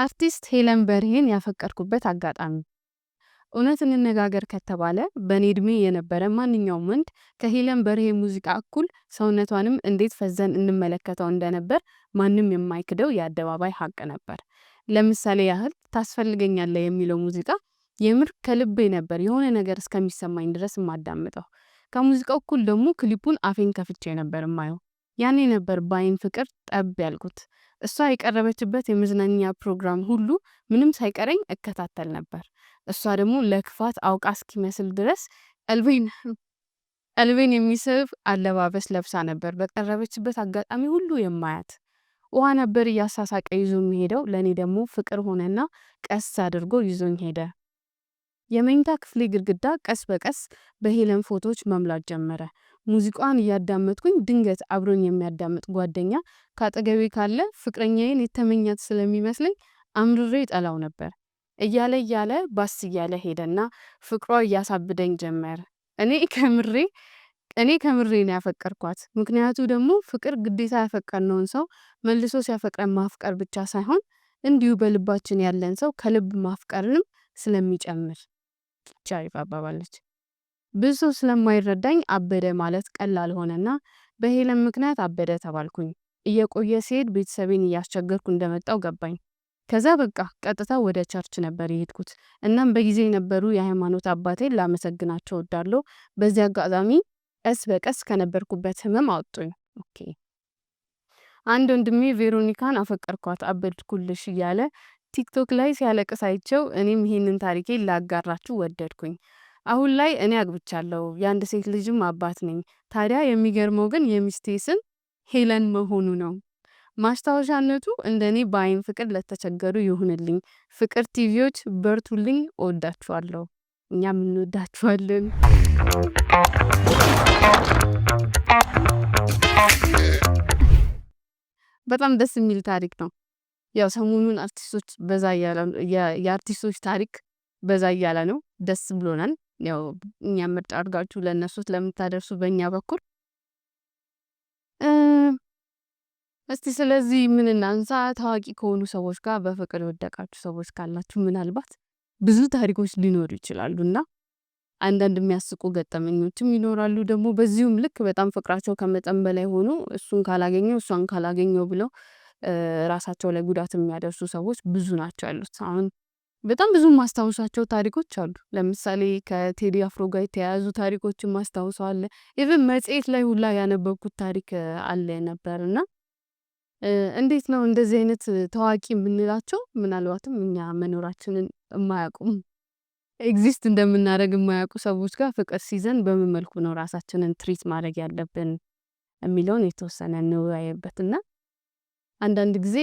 አርቲስት ሄለን በርሄን ያፈቀርኩበት አጋጣሚ። እውነት እንነጋገር ከተባለ በእኔ እድሜ የነበረ ማንኛውም ወንድ ከሄለን በርሄ ሙዚቃ እኩል ሰውነቷንም እንዴት ፈዘን እንመለከተው እንደነበር ማንም የማይክደው የአደባባይ ሀቅ ነበር። ለምሳሌ ያህል ታስፈልገኛለ የሚለው ሙዚቃ የምር ከልቤ ነበር የሆነ ነገር እስከሚሰማኝ ድረስ የማዳምጠው። ከሙዚቃው እኩል ደግሞ ክሊፑን አፌን ከፍቼ ነበር የማየው። ያኔ ነበር በአይን ፍቅር ጠብ ያልኩት። እሷ የቀረበችበት የመዝናኛ ፕሮግራም ሁሉ ምንም ሳይቀረኝ እከታተል ነበር። እሷ ደግሞ ለክፋት አውቃ እስኪመስል ድረስ ቀልቤን ቀልቤን የሚስብ አለባበስ ለብሳ ነበር። በቀረበችበት አጋጣሚ ሁሉ የማያት ውሃ ነበር እያሳሳቀ ይዞ የሚሄደው። ለእኔ ደግሞ ፍቅር ሆነና ቀስ አድርጎ ይዞኝ ሄደ። የመኝታ ክፍሌ ግድግዳ ቀስ በቀስ በሄለን ፎቶዎች መምላት ጀመረ። ሙዚቋን እያዳመጥኩኝ ድንገት አብሮኝ የሚያዳምጥ ጓደኛ ከአጠገቤ ካለ ፍቅረኛዬን የተመኛት ስለሚመስለኝ አምርሬ ጠላው ነበር። እያለ እያለ ባስ እያለ ሄደና ፍቅሯ እያሳብደኝ ጀመር። እኔ ከምሬ እኔ ከምሬ ነው ያፈቀርኳት። ምክንያቱ ደግሞ ፍቅር ግዴታ ያፈቀርነውን ሰው መልሶ ሲያፈቅረን ማፍቀር ብቻ ሳይሆን እንዲሁ በልባችን ያለን ሰው ከልብ ማፍቀርንም ስለሚጨምር። ቻሪፍ አባባለች። ብዙ ሰው ስለማይረዳኝ አበደ ማለት ቀላል ሆነና በሄለን ምክንያት አበደ ተባልኩኝ። እየቆየ ሲሄድ ቤተሰቤን እያስቸገርኩ እንደመጣው ገባኝ። ከዛ በቃ ቀጥታ ወደ ቸርች ነበር የሄድኩት። እናም በጊዜ የነበሩ የሃይማኖት አባቴን ላመሰግናቸው እወዳለሁ። በዚህ አጋጣሚ ቀስ በቀስ ከነበርኩበት ህመም አወጡኝ። ኦኬ አንድ ወንድሜ ቬሮኒካን አፈቀርኳት አበድኩልሽ እያለ ቲክቶክ ላይ ሲያለቅስ አይቸው እኔም ይህንን ታሪኬ ላጋራችሁ ወደድኩኝ። አሁን ላይ እኔ አግብቻለሁ፣ የአንድ ሴት ልጅም አባት ነኝ። ታዲያ የሚገርመው ግን የሚስቴ ስም ሄለን መሆኑ ነው። ማስታወሻነቱ እንደ እኔ በአይን ፍቅር ለተቸገሩ ይሁንልኝ። ፍቅር ቲቪዎች በርቱልኝ፣ እወዳችኋለሁ። እኛም እንወዳችኋለን። በጣም ደስ የሚል ታሪክ ነው። ያው ሰሞኑን አርቲስቶች በዛ የአርቲስቶች ታሪክ በዛ እያለ ነው። ደስ ብሎናል። ያው እኛ ምርጫ አድርጋችሁ ለእነሱ ስለምታደርሱ በእኛ በኩል እስቲ ስለዚህ ምን እናንሳ። ታዋቂ ከሆኑ ሰዎች ጋር በፍቅር የወደቃችሁ ሰዎች ካላችሁ ምናልባት ብዙ ታሪኮች ሊኖሩ ይችላሉ እና አንዳንድ የሚያስቁ ገጠመኞችም ይኖራሉ። ደግሞ በዚሁም ልክ በጣም ፍቅራቸው ከመጠን በላይ ሆኖ እሱን ካላገኘው እሷን ካላገኘው ብለው ራሳቸው ላይ ጉዳት የሚያደርሱ ሰዎች ብዙ ናቸው ያሉት አሁን በጣም ብዙ ማስታወሳቸው ታሪኮች አሉ። ለምሳሌ ከቴዲ አፍሮ ጋር የተያያዙ ታሪኮችን ማስታውሰው አለ። ኢቨን መጽሔት ላይ ሁላ ያነበብኩት ታሪክ አለ ነበር እና እንዴት ነው እንደዚህ አይነት ታዋቂ የምንላቸው ምናልባትም እኛ መኖራችንን የማያውቁም ኤግዚስት እንደምናደርግ የማያውቁ ሰዎች ጋር ፍቅር ሲዘን በምን መልኩ ነው ራሳችንን ትሪት ማድረግ ያለብን የሚለውን የተወሰነ እንወያይበት እና አንዳንድ ጊዜ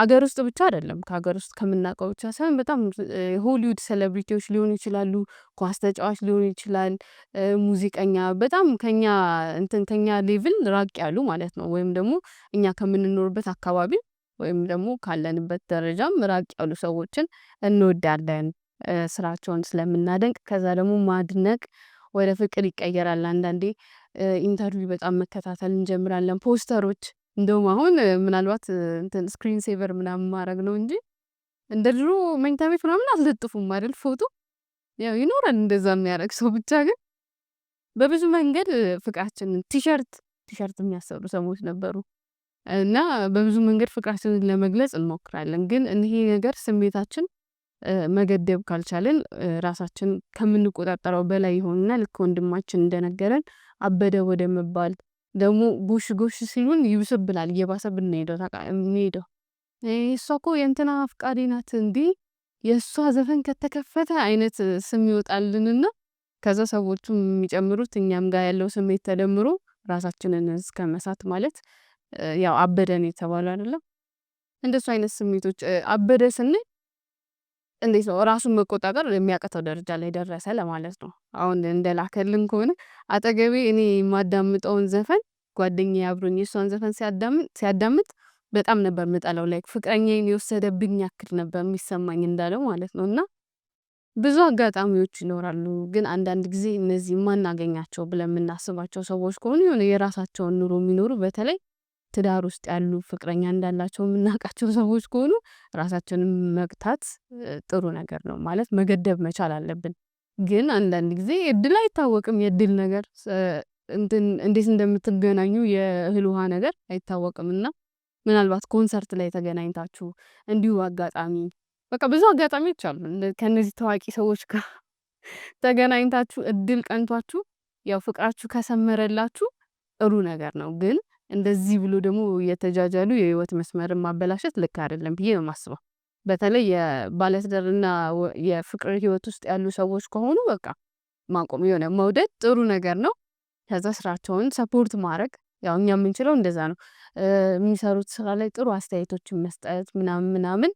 አገር ውስጥ ብቻ አይደለም ከሀገር ውስጥ ከምናውቀው ብቻ ሳይሆን በጣም ሆሊውድ ሴሌብሪቲዎች ሊሆኑ ይችላሉ፣ ኳስ ተጫዋች ሊሆን ይችላል፣ ሙዚቀኛ በጣም ከኛ እንትን ከኛ ሌቭል ራቅ ያሉ ማለት ነው። ወይም ደግሞ እኛ ከምንኖርበት አካባቢ ወይም ደግሞ ካለንበት ደረጃም ራቅ ያሉ ሰዎችን እንወዳለን፣ ስራቸውን ስለምናደንቅ። ከዛ ደግሞ ማድነቅ ወደ ፍቅር ይቀየራል። አንዳንዴ ኢንተርቪው በጣም መከታተል እንጀምራለን። ፖስተሮች እንደውም አሁን ምናልባት እንትን ስክሪን ሴቨር ምናምን ማድረግ ነው እንጂ እንደ ድሮ መኝታ ቤት ምናምን አልለጥፉም አይደል? ፎቶ ያው ይኖረን እንደዛ የሚያደርግ ሰው ብቻ። ግን በብዙ መንገድ ፍቅራችንን ቲሸርት ቲሸርት የሚያሰሩ ሰዎች ነበሩ እና በብዙ መንገድ ፍቅራችንን ለመግለጽ እንሞክራለን። ግን እኒሄ ነገር ስሜታችን መገደብ ካልቻለን ራሳችን ከምንቆጣጠረው በላይ ይሆንና ልክ ወንድማችን እንደነገረን አበደ ወደ መባል ደግሞ ጎሽ ጎሽ ሲሉን ይብስብናል እየባሰብን ነው ሄደው እሷ እኮ የእንትና አፍቃሪ ናት እንዴ የእሷ ዘፈን ከተከፈተ አይነት ስም ይወጣልንና ከዛ ሰዎቹ የሚጨምሩት እኛም ጋር ያለው ስሜት ተደምሮ ራሳችንን እስከ መሳት ማለት ያው አበደን የተባሉ አይደለም እንደሱ አይነት ስሜቶች አበደ ስንል እንዴት ነው ራሱን መቆጣጠር የሚያቀተው ደረጃ ላይ ደረሰ ለማለት ነው። አሁን እንደላከልን ከሆነ አጠገቤ እኔ የማዳምጠውን ዘፈን ጓደኛ አብሮኝ እሷን ዘፈን ሲያዳምጥ በጣም ነበር ምጠለው። ላይ ፍቅረኛ የወሰደብኝ ያክል ነበር የሚሰማኝ እንዳለው ማለት ነው። እና ብዙ አጋጣሚዎች ይኖራሉ። ግን አንዳንድ ጊዜ እነዚህ የማናገኛቸው ብለን የምናስባቸው ሰዎች ከሆኑ የሆነ የራሳቸውን ኑሮ የሚኖሩ በተለይ ትዳር ውስጥ ያሉ ፍቅረኛ እንዳላቸው የምናውቃቸው ሰዎች ከሆኑ ራሳችንን መግታት ጥሩ ነገር ነው ማለት መገደብ መቻል አለብን። ግን አንዳንድ ጊዜ እድል አይታወቅም። የእድል ነገር እንዴት እንደምትገናኙ የእህል ውሃ ነገር አይታወቅም እና ምናልባት ኮንሰርት ላይ ተገናኝታችሁ እንዲሁ አጋጣሚ በቃ ብዙ አጋጣሚዎች አሉ። ከእነዚህ ታዋቂ ሰዎች ጋር ተገናኝታችሁ እድል ቀንቷችሁ ያው ፍቅራችሁ ከሰመረላችሁ ጥሩ ነገር ነው ግን እንደዚህ ብሎ ደግሞ የተጃጃሉ የህይወት መስመርን ማበላሸት ልክ አይደለም ብዬ ነው ማስበው። በተለይ የባለትዳርና የፍቅር ህይወት ውስጥ ያሉ ሰዎች ከሆኑ በቃ ማቆም የሆነ መውደድ ጥሩ ነገር ነው። ከዛ ስራቸውን ሰፖርት ማድረግ ያው እኛ የምንችለው እንደዛ ነው። የሚሰሩት ስራ ላይ ጥሩ አስተያየቶችን መስጠት ምናምን ምናምን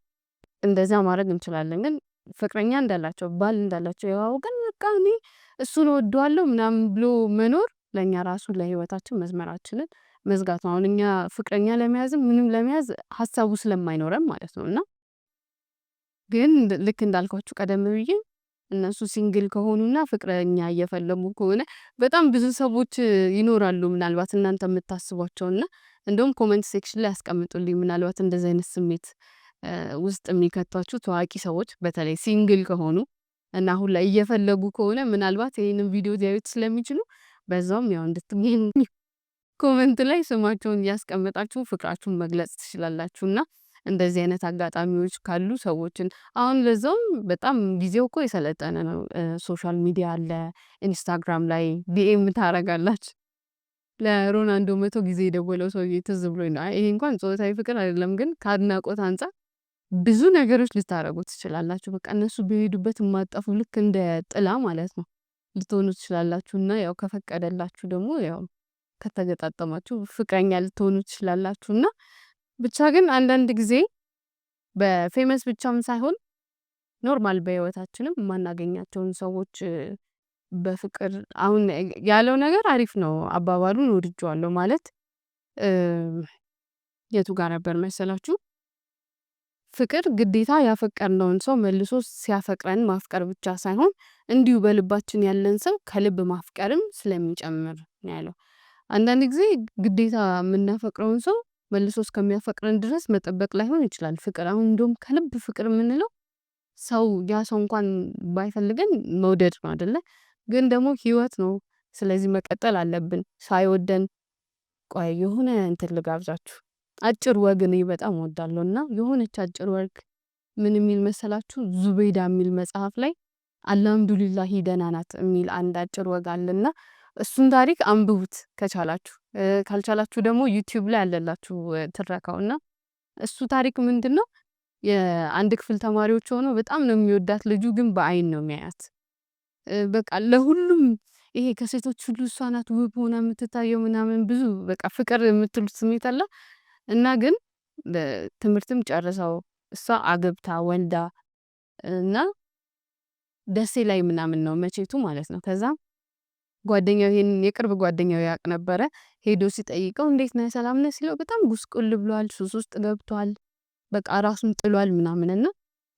እንደዛ ማድረግ እንችላለን። ግን ፍቅረኛ እንዳላቸው ባል እንዳላቸው ያው ግን በቃ እኔ እሱን ወደዋለሁ ምናምን ብሎ መኖር ለእኛ ራሱ ለህይወታችን መስመራችንን መዝጋት ነው። አሁን እኛ ፍቅረኛ ለመያዝም ምንም ለመያዝ ሀሳቡ ስለማይኖረም ማለት ነው። እና ግን ልክ እንዳልኳችሁ ቀደም ብዬ እነሱ ሲንግል ከሆኑና ፍቅረኛ እየፈለጉ ከሆነ በጣም ብዙ ሰዎች ይኖራሉ፣ ምናልባት እናንተ የምታስቧቸውና እንደውም ኮመንት ሴክሽን ላይ ያስቀምጡልኝ። ምናልባት እንደዚህ አይነት ስሜት ውስጥ የሚከቷችሁ ታዋቂ ሰዎች በተለይ ሲንግል ከሆኑ እና አሁን ላይ እየፈለጉ ከሆነ ምናልባት ይህንን ቪዲዮ ዲያዩት ስለሚችሉ በዛውም ያው እንድትገኝ ኮመንት ላይ ስማቸውን እያስቀመጣችሁ ፍቅራችሁን መግለጽ ትችላላችሁ። እና እንደዚህ አይነት አጋጣሚዎች ካሉ ሰዎችን አሁን ለዛውም በጣም ጊዜው እኮ የሰለጠነ ነው። ሶሻል ሚዲያ አለ። ኢንስታግራም ላይ ዲኤም ታረጋላችሁ። ለሮናልዶ መቶ ጊዜ የደወለው ሰውዬ ትዝ ብሎ ይሄ እንኳን ጾታዊ ፍቅር አይደለም፣ ግን ከአድናቆት አንጻር ብዙ ነገሮች ልታረጉ ትችላላችሁ። በቃ እነሱ በሄዱበት የማጠፉ ልክ እንደ ጥላ ማለት ነው ልትሆኑ ትችላላችሁ። እና ያው ከፈቀደላችሁ ደግሞ ያው ከተገጣጠማችሁ ፍቅረኛ ልትሆኑ ትችላላችሁ። እና ብቻ ግን አንዳንድ ጊዜ በፌመስ ብቻም ሳይሆን ኖርማል በህይወታችንም የማናገኛቸውን ሰዎች በፍቅር አሁን ያለው ነገር አሪፍ ነው። አባባሉን ወድጀዋለሁ። ማለት የቱ ጋር ነበር መሰላችሁ? ፍቅር ግዴታ ያፈቀርነውን ሰው መልሶ ሲያፈቅረን ማፍቀር ብቻ ሳይሆን እንዲሁ በልባችን ያለን ሰው ከልብ ማፍቀርም ስለሚጨምር ነው ያለው። አንዳንድ ጊዜ ግዴታ የምናፈቅረውን ሰው መልሶ እስከሚያፈቅረን ድረስ መጠበቅ ላይሆን ይችላል። ፍቅር አሁን እንዲሁም ከልብ ፍቅር የምንለው ሰው ያ ሰው እንኳን ባይፈልገን መውደድ ነው አደለ? ግን ደግሞ ህይወት ነው። ስለዚህ መቀጠል አለብን። ሳይወደን ቆይ የሆነ እንትን ልጋብዛችሁ አጭር ወግ እኔ በጣም ወዳለሁ እና የሆነች አጭር ወግ ምን የሚል መሰላችሁ? ዙቤይዳ የሚል መጽሐፍ ላይ አልሐምዱሊላሂ ደህና ናት የሚል አንድ አጭር ወግ አለና እሱን ታሪክ አንብቡት ከቻላችሁ። ካልቻላችሁ ደግሞ ዩቲዩብ ላይ ያለላችሁ ትረካው እና እሱ ታሪክ ምንድን ነው? የአንድ ክፍል ተማሪዎች ሆኖ በጣም ነው የሚወዳት ልጁ ግን በአይን ነው የሚያያት። በቃ ለሁሉም ይሄ ከሴቶች ሁሉ እሷ ናት ውብ ሆና የምትታየው ምናምን ብዙ በቃ ፍቅር የምትሉት ስሜት አለ እና ግን ትምህርትም ጨርሰው እሷ አገብታ ወልዳ እና ደሴ ላይ ምናምን ነው መቼቱ ማለት ነው ከዛም ጓደኛው ይሄንን የቅርብ ጓደኛው ያውቅ ነበረ። ሄዶ ሲጠይቀው እንዴት ነህ ሰላም ነህ ሲለው በጣም ጉስቁል ብሏል፣ ሱስ ውስጥ ገብቷል፣ በቃ ራሱን ጥሏል ምናምን እና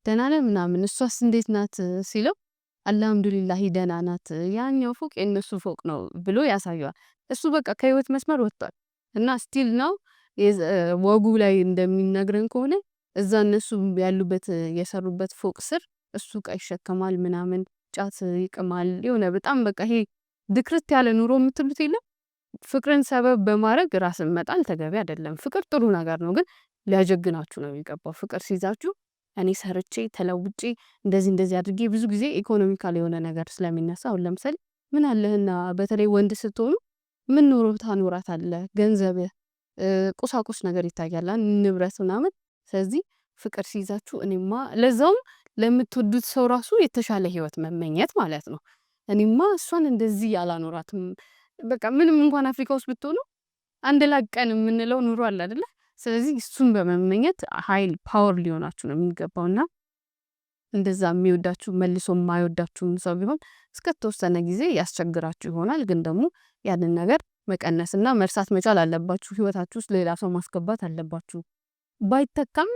ደህና ነህ ምናምን። እሷስ እንዴት ናት ሲለው አልሐምዱሊላህ ደህና ናት፣ ያኛው ፎቅ የእነሱ ፎቅ ነው ብሎ ያሳየዋል። እሱ በቃ ከህይወት መስመር ወጥቷል እና ስቲል ነው ወጉ ላይ እንደሚነግረን ከሆነ እዛ እነሱ ያሉበት የሰሩበት ፎቅ ስር እሱ እቃ ይሸከማል ምናምን ጫት ይቅማል የሆነ በጣም በቃ ይሄ ድክርት ያለ ኑሮ የምትሉት የለም። ፍቅርን ሰበብ በማድረግ ራስን መጣል ተገቢ አይደለም። ፍቅር ጥሩ ነገር ነው፣ ግን ሊያጀግናችሁ ነው የሚገባው። ፍቅር ሲይዛችሁ እኔ ሰርቼ ተለውጬ እንደዚህ እንደዚህ አድርጌ ብዙ ጊዜ ኢኮኖሚካል የሆነ ነገር ስለሚነሳ አሁን ለምሳሌ ምን አለህና በተለይ ወንድ ስትሆኑ ምን ኖሮ ታኖራት አለ ገንዘብ፣ ቁሳቁስ ነገር ይታያል፣ ንብረት ምናምን። ስለዚህ ፍቅር ሲይዛችሁ እኔማ ለዛውም ለምትወዱት ሰው ራሱ የተሻለ ህይወት መመኘት ማለት ነው። እኔማ እሷን እንደዚህ አላኖራትም። በቃ ምንም እንኳን አፍሪካ ውስጥ ብትሆኑ አንድ ላቀን ቀን የምንለው ኑሮ አለ አይደለ? ስለዚህ እሱን በመመኘት ኃይል ፓወር ሊሆናችሁ ነው የሚገባው እና እንደዛ የሚወዳችሁ መልሶ የማይወዳችሁም ሰው ቢሆን እስከ ተወሰነ ጊዜ ያስቸግራችሁ ይሆናል። ግን ደግሞ ያንን ነገር መቀነስና መርሳት መቻል አለባችሁ። ህይወታችሁ ውስጥ ሌላ ሰው ማስገባት አለባችሁ። ባይተካም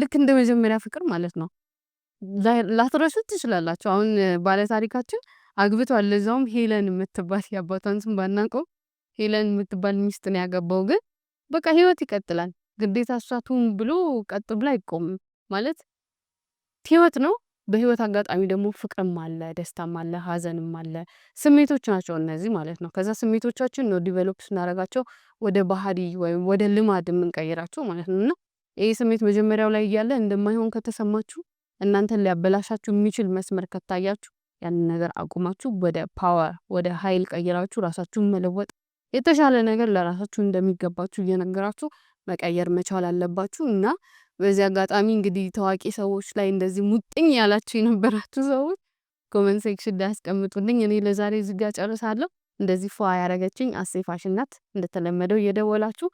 ልክ እንደ መጀመሪያ ፍቅር ማለት ነው። ላትረሱት ትችላላችሁ። አሁን ባለታሪካችን አግብቷል። ለዛውም ሄለን የምትባት የአባቷን ስም ባናውቀው ሄለን የምትባል ሚስት ነው ያገባው። ግን በቃ ህይወት ይቀጥላል። ግዴታ እሷቱም ብሎ ቀጥ ብሎ አይቆምም ማለት ህይወት ነው። በህይወት አጋጣሚ ደግሞ ፍቅርም አለ፣ ደስታም አለ፣ ሀዘንም አለ። ስሜቶች ናቸው እነዚህ ማለት ነው። ከዛ ስሜቶቻችን ነው ዲቨሎፕ ስናደርጋቸው ወደ ባህሪ ወይም ወደ ልማድ የምንቀይራቸው ማለት ነው። እና ይህ ስሜት መጀመሪያው ላይ እያለ እንደማይሆን ከተሰማችሁ እናንተን ሊያበላሻችሁ የሚችል መስመር ከታያችሁ ያንን ነገር አቁማችሁ ወደ ፓወር ወደ ኃይል ቀይራችሁ ራሳችሁን መለወጥ የተሻለ ነገር ለራሳችሁ እንደሚገባችሁ እየነገራችሁ መቀየር መቻል አለባችሁ እና በዚህ አጋጣሚ እንግዲህ ታዋቂ ሰዎች ላይ እንደዚህ ሙጥኝ ያላችሁ የነበራችሁ ሰዎች ኮመንት ሴክሽን ላይ እኔ ለዛሬ ዝጋ ጨርሳለሁ። እንደዚህ ፏ ያደረገችኝ አሴ ፋሽን ናት። እንደተለመደው እየደወላችሁ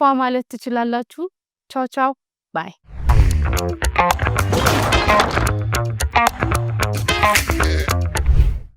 ፏ ማለት ትችላላችሁ። ቻው ቻው ባይ